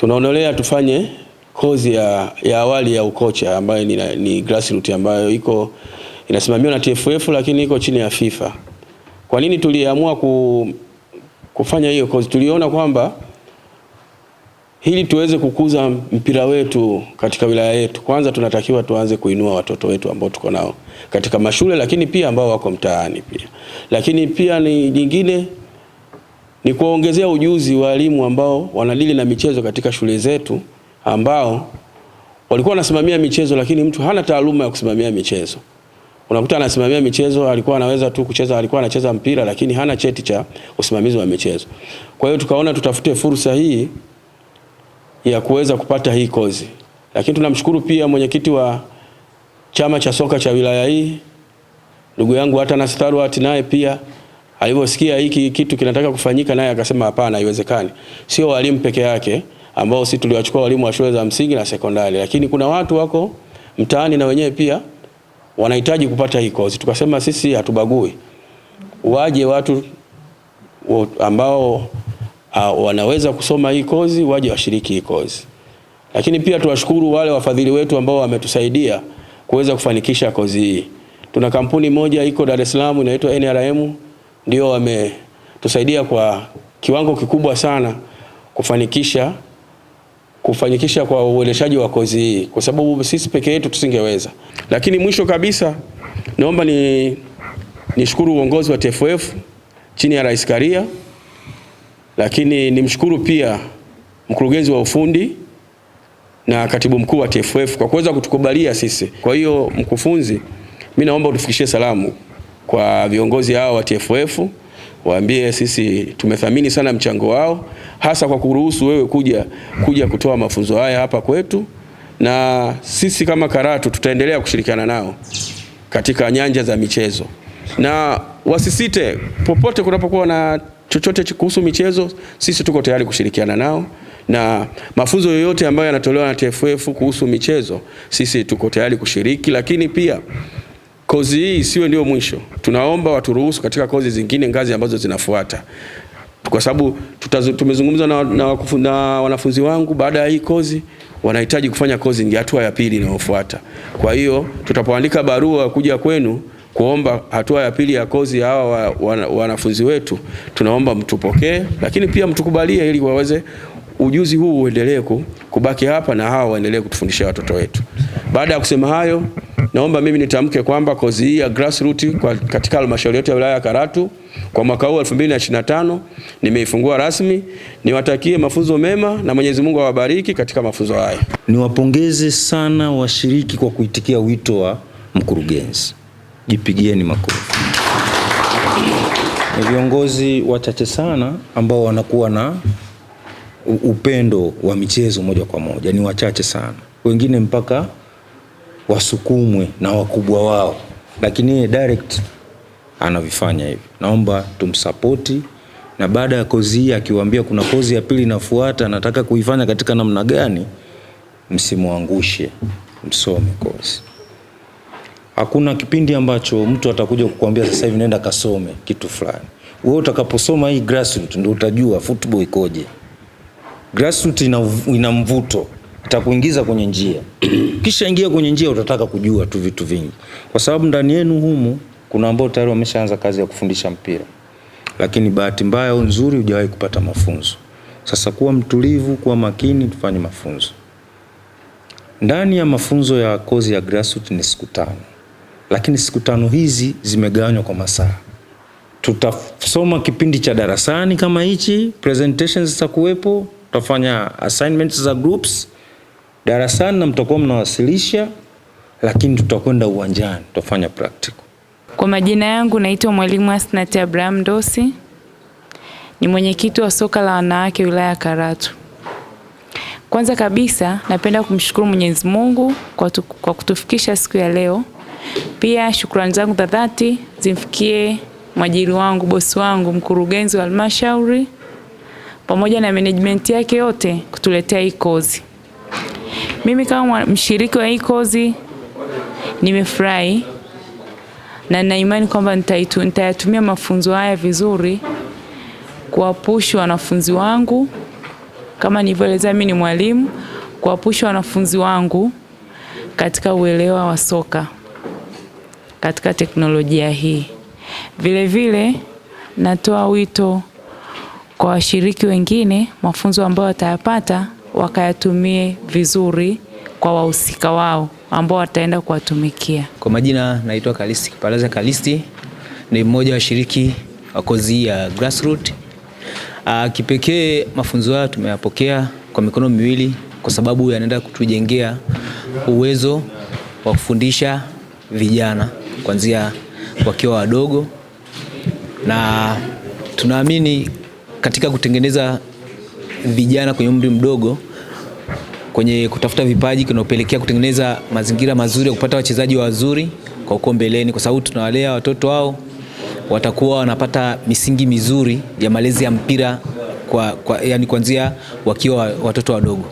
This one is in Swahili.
tunaonelea tufanye kozi ya, ya awali ya ukocha ambayo ni, ni grassroots ambayo iko inasimamiwa na TFF lakini iko chini ya FIFA. Kwa nini tuliamua ku, kufanya hiyo kozi? Tuliona kwamba ili tuweze kukuza mpira wetu katika wilaya yetu, kwanza tunatakiwa tuanze kuinua watoto wetu ambao tuko nao katika mashule, lakini pia ambao wako mtaani pia, lakini pia ni nyingine ni kuwaongezea ujuzi walimu ambao wanadili na michezo katika shule zetu ambao walikuwa wanasimamia michezo, lakini mtu hana taaluma ya kusimamia michezo. Unakuta anasimamia michezo, alikuwa anaweza tu kucheza, alikuwa anacheza mpira, lakini hana cheti cha usimamizi wa michezo. Kwa hiyo tukaona tutafute fursa hii ya kuweza kupata hii kozi, lakini tunamshukuru pia mwenyekiti wa chama cha soka cha wilaya hii ndugu yangu hata Atanas Tharuat naye pia alivyosikia hiki kitu kinataka kufanyika, naye akasema hapana, haiwezekani. Sio walimu peke yake ambao sisi tuliwachukua walimu wa shule za msingi na sekondari, lakini kuna watu wako mtaani na wenyewe pia wanahitaji kupata hii kozi. Tukasema sisi hatubagui, waje watu ambao uh, wanaweza kusoma hii kozi waje washiriki hii kozi. Lakini pia tuwashukuru wale wafadhili wetu ambao wametusaidia kuweza kufanikisha kozi hii. Tuna kampuni moja iko Dar es Salaam inaitwa NRM ndio wametusaidia kwa kiwango kikubwa sana kufanikisha kufanikisha kwa uendeshaji wa kozi hii, kwa sababu sisi peke yetu tusingeweza. Lakini mwisho kabisa, naomba ni nishukuru uongozi wa TFF chini ya Rais Karia, lakini nimshukuru pia mkurugenzi wa ufundi na katibu mkuu wa TFF kwa kuweza kutukubalia sisi. Kwa hiyo mkufunzi, mimi naomba utufikishie salamu kwa viongozi hao wa TFF waambie sisi tumethamini sana mchango wao, hasa kwa kuruhusu wewe kuja kuja kutoa mafunzo haya hapa kwetu, na sisi kama Karatu tutaendelea kushirikiana nao katika nyanja za michezo, na wasisite popote kunapokuwa na chochote kuhusu michezo, sisi tuko tayari kushirikiana nao, na mafunzo yoyote ambayo yanatolewa na TFF kuhusu michezo, sisi tuko tayari kushiriki, lakini pia kozi hii isiwe ndio mwisho. Tunaomba waturuhusu katika kozi zingine ngazi ambazo zinafuata, kwa sababu tumezungumza na, na, na wanafunzi wangu, baada ya hii kozi wanahitaji kufanya kozi ya hatua ya pili inayofuata. Kwa hiyo tutapoandika barua kuja kwenu kuomba hatua ya pili ya kozi hawa wanafunzi wetu, tunaomba mtupokee, lakini pia mtukubalie ili waweze ujuzi huu uendelee kubaki hapa na hawa waendelee kutufundishia watoto wetu. Baada ya kusema hayo Naomba mimi nitamke kwamba kozi hii ya grassroots kwa katika halmashauri yetu ya wilaya ya Karatu kwa mwaka huu 2025 nimeifungua rasmi. Niwatakie mafunzo mema na Mwenyezi Mungu awabariki katika mafunzo haya. Niwapongeze sana washiriki kwa kuitikia wito wa mkurugenzi. Jipigieni makofi. Ni viongozi wachache sana ambao wanakuwa na upendo wa michezo moja kwa moja, ni wachache sana, wengine mpaka wasukumwe na wakubwa wao, lakini yeye direct anavifanya hivi. Naomba tumsapoti, na baada ya kozi hii akiwaambia kuna kozi ya pili inafuata, nataka kuifanya katika namna gani, msimwangushe, msome kozi. Hakuna kipindi ambacho mtu atakuja kukuambia sasa hivi nenda kasome kitu fulani. Wewe utakaposoma hii grassroots ndio utajua football ikoje. Grassroots ina, ina mvuto atakuingiza kwenye njia kisha ingia kwenye njia, utataka kujua tu vitu vingi, kwa sababu ndani yenu humu kuna ambao tayari wameshaanza kazi ya kufundisha mpira, lakini bahati mbaya au nzuri hujawahi kupata mafunzo. Sasa kuwa mtulivu, kuwa makini, tufanye mafunzo. Ndani ya mafunzo ya kozi ya grassroots ni siku tano, lakini siku tano hizi zimegawanywa kwa masaa. Tutasoma kipindi cha darasani kama hichi, presentations za kuwepo, tutafanya assignments za groups darasani na mtakuwa mnawasilisha, lakini tutakwenda uwanjani, tutafanya practical. Kwa majina yangu naitwa mwalimu Asnat Abraham dosi ni mwenyekiti wa soka la wanawake wilaya ya Karatu. Kwanza kabisa napenda kumshukuru Mwenyezi Mungu kwa, tu, kwa kutufikisha siku ya leo. Pia shukrani zangu za dhati zimfikie mwajiri wangu, bosi wangu, mkurugenzi wa halmashauri pamoja na management yake yote kutuletea hii kozi. Mimi kama mshiriki wa hii kozi nimefurahi na naimani kwamba nitayatumia mafunzo haya vizuri kuwapushi wanafunzi wangu, kama nilivyoelezea, mimi ni mwalimu, kuwapushi wanafunzi wangu katika uelewa wa soka katika teknolojia hii. Vilevile natoa wito kwa washiriki wengine, mafunzo ambayo watayapata wakayatumie vizuri kwa wahusika wao ambao wataenda kuwatumikia. Kwa majina, naitwa Kalisti Kipalaza Kalisti, ni mmoja wa shiriki wa kozi ya grassroots. Ah, kipekee mafunzo hayo tumeyapokea kwa mikono miwili, kwa sababu yanaenda kutujengea uwezo wa kufundisha vijana kuanzia wakiwa wadogo, na tunaamini katika kutengeneza vijana kwenye umri mdogo kwenye kutafuta vipaji kunaopelekea kutengeneza mazingira mazuri ya kupata wachezaji wazuri kwa uko mbeleni, kwa sababu tunawalea watoto wao watakuwa wanapata misingi mizuri ya malezi ya mpira kwa, kwa, yani kuanzia wakiwa watoto wadogo.